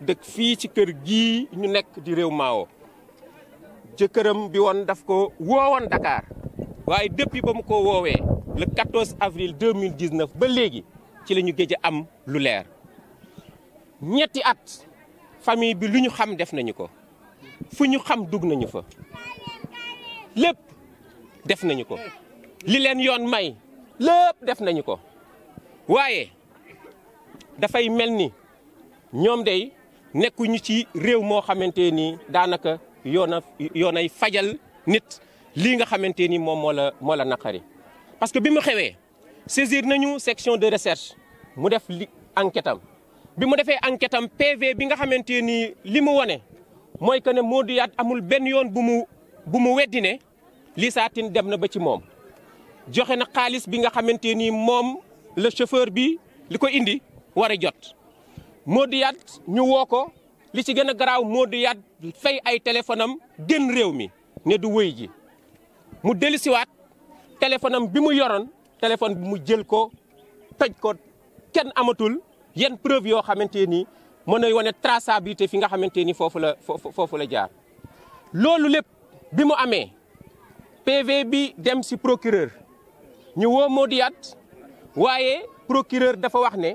dëkk fii ci kër gii ñu nekk di réew Mawo jëkkëram bi woon daf ko woowoon Dakar waaye depuis ba mu ko woowee le 14 avril 2019 ba léegi ci lañu ñu géej am lu leer ñetti at famille bi lu ñu xam def nañu ko fu ñu xam dugg nañu fa lépp def nañu ko li leen yoon may lépp def nañu ko waaye dafay mel ni ñoom dey nekkuñu ci réew moo xamante ni daanaka yoona yoonay nit lii nga ni la la parce que bi mu saisir section de recherche mu def li enquête am bi PV bi nga ni li mu que ne Modou amul benn yoon bu mu bu mu weddi ne dem na ba ci ni chauffeur bi indi war Modou Yade ñu woo ko li ci gën a garaaw Modou Yade fay ay téléphone am génn réew mi ne du wëy ji mu dellusiwaat téléphone bi mu yoroon téléphone bi mu jël ko toj ko kenn amatul yenn preuve yoo xamante ni mën na wane traçabilité fi nga xamante ni foofu la foofu la jaar. loolu lépp bi mu amee PV bi dem si procureur ñu woo Modou Yade waaye procureur dafa wax ne.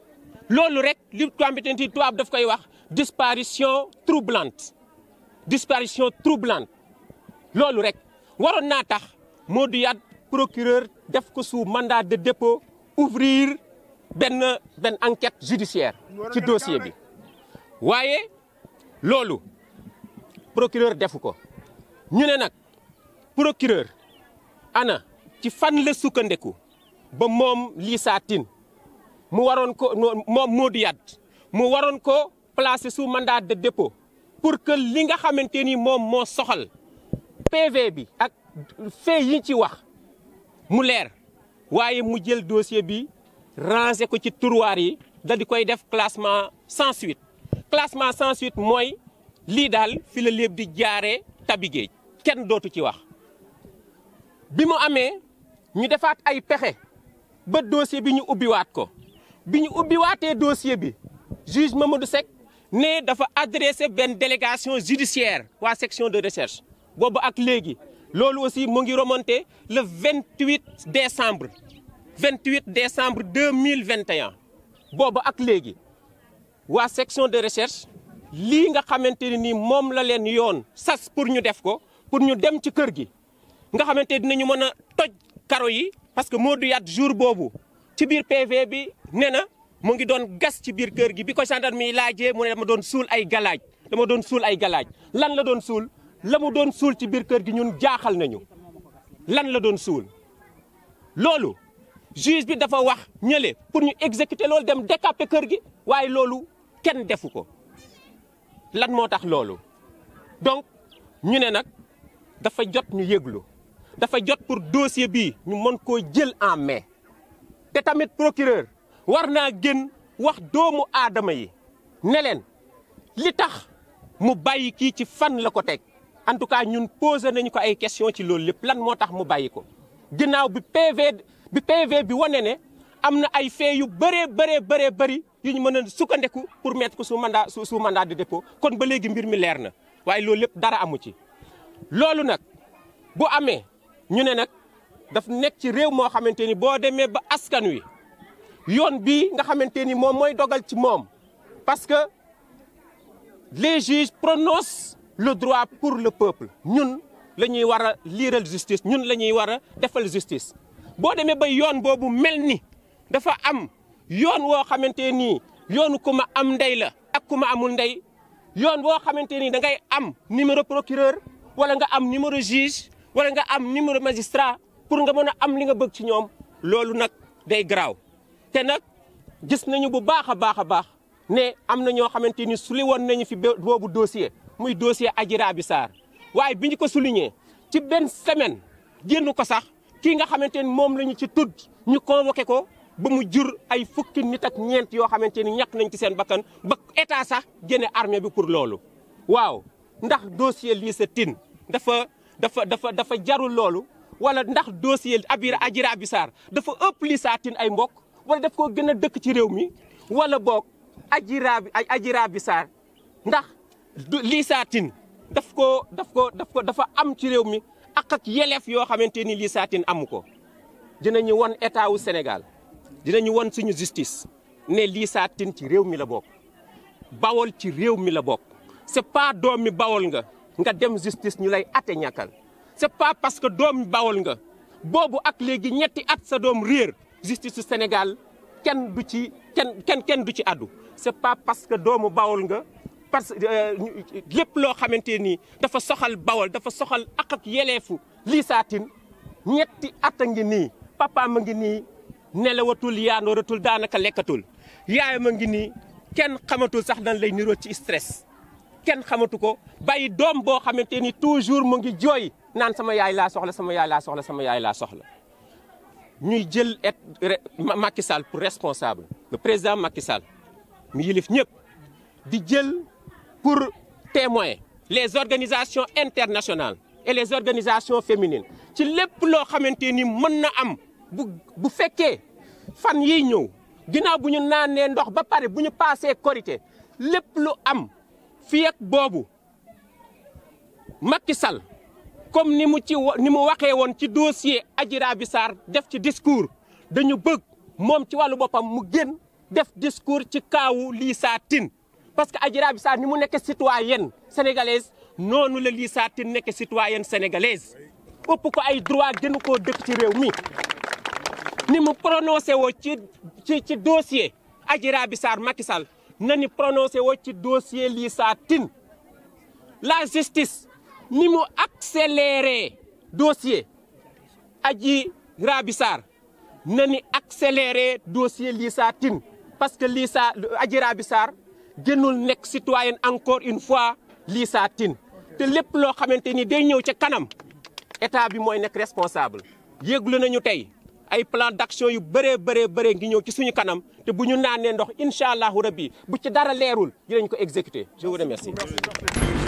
loolu rek li tuambitenti tubaab daf koy wax disparition troublante disparition troublante loolu rek waroon naa tax procureur def sous mandat de dépôt ouvrir ben ben enquête judiciaire ci dossier bi Lolo, lolu, procureur defu ko ñu ne procureur ana ci fan le sukkandeku ba mom lii mu waroon ko moom Modou mu waroon ko placer sous mandat de dépôt pour que li nga xamante ni moom moo soxal PV bi ak fait yi ci wax mu leer mu jël dossier bi ranger ko ci tiroir yi da di koy def classement sans suite classement sans suite moy Lidal daal fi la léeb di jaaree tabi géej kenn dootu ci wax bi mu amee ñu defaat ay ba dossier bi ñu ubbiwaat ko si nous dossier le juge Mamadou Sek ne adressé une délégation judiciaire wa section de recherche C'est aussi le 28 décembre 28 décembre 2021 boobu ak la section de recherche Ce nga la sas pour nous def pour nous dem Nous kër gi nga xamante karo yi parce que Modou ci biir PV bi ne na mu ngi doon gas ci biir kër gi bi ko gendarme yi laajee mu ne dama doon suul ay galaaj dama doon suul ay galaaj lan la doon suul la mu doon suul ci biir kër gi ñun jaaxal nañu lan la doon suul loolu juge bi dafa wax ñële pour ñu exécuter loolu dem décaper kër gi waaye loolu kenn defu ko lan moo tax loolu donc ñu ne nag dafa jot ñu yéglu dafa jot pour dossier bi ñu mën koo jël en mai te tamit procureur war naa génn wax doomu aadama yi ne leen li tax mu bàyyi kii ci fan la ko teg en tout cas ñun posé nañu ko ay question ci loolu lépp lan moo tax mu bàyyi ko ginnaaw bi PV bi PV bi wane ne am na ay fee yu bëree bëree bëree bëri yu ñu mën a sukkandeku pour mettre ko sous su mandaa mandat de dépôt kon ba léegi mbir mi leer na waaye loolu lépp dara amu ci loolu nag bu amee ñu ne nag daf nekk ci réew parce que les juges prononcent le droit pour le peuple ñun la lire la justice, nous justice ñun la justice. Si defal justice boo qui ba ni dafa am yoon woo qui yoonu ku am ndey la ak ku amul ndey yoon am numéro procureur wala am numéro juge wala nga am numéro magistrat pour nga mën a am li nga bëgg ci ñoom loolu nag day graaw te nag gis nañu bu baax a baax a baax ne am na ñoo xamante ni suli woon nañu fi boobu dossier muy dossier Adji Raby Sarr waaye bi ñu ko souligné ci benn semaine génn ko sax kii nga xamante ni moom la ñu ci tudd ñu convoqué ko ba mu jur ay fukki nit ak ñeent yoo xamante ni ñàkk nañ ci seen bakkan ba état sax génne armée bi pour loolu waaw ndax dossier Lissa Tine dafa dafa dafa dafa jarul loolu wala ndax dossier Abira Adjira Abi dafa ëpp li saatin ay mbokk wala daf koo gën a dëkk ci réew mi wala boog Adjira ay Adjira ndax lii saatin daf ko daf ko daf ko dafa am ci réew mi akak ak yeleef yoo xamante ni lii saatin amu ko dinañu won état wu Sénégal dinañu won suñu justice ne lii saatin ci réew mi la bokk bawol ci réew mi la bokk c'est pas doom mi bawol nga nga dem justice ñu lay ate ñàkkal c'est pas parce que doom bawol nga boobu ak léegi ñetti at sa doom réer justice su Sénégal kenn du ci kenn kenn du ci addu c'est pas parce que doomu bawol nga parce que euh, lépp loo xamante ni dafa soxal bawol dafa soxal ak ak yeleefu Lissa Tine ñetti at a ngi nii papaam a ngi nii nelawatul yaandooratul daanaka lekkatul yaayam a ngi nii kenn xamatul sax nan lay niroo ci stress kenn xamatu ko bàyyi doom boo xamante ni toujours mu ngi jooy Nous sama yaay pour soxla sama yaay soxla sama yaay la soxla ñuy pour responsable le président Macky Sall di jël pour témoin les organisations internationales et les organisations féminines ci lepp lo xamanteni mën am bu bu fan yi ñëw ginnaaw ñu ndox ba paré bu lu am fi ak bobu comme ni mu ci ni mu waxee woon ci dossier Adji Raby Sarr def ci discours dañu bëgg moom ci wàllu boppam mu génn def discours ci kaawu Lissa Tine parce que Adji Raby Sarr ni mu nekk citoyenne sénégalaise noonu la Lissa Tine nekk citoyenne sénégalaise ëpp ko ay droit gënu koo dëkk ci réew mi ni mu prononcé woo ci ci ci dossier Adji Raby Sarr na ni prononcé woo ci dossier Lissa Tine la justice ni mu le dossier Adji Rabissar, nous dossier Lisa Tin parce que Lisa, Adji Rabissar, nous gënul encore une fois l'ISA. te nous lo xamanteni day ñew ci kanam état bi responsable yeglu nañu tay ay plan d'action yu béré Nous béré ngi ci suñu kanam te ndox bu je vous remercie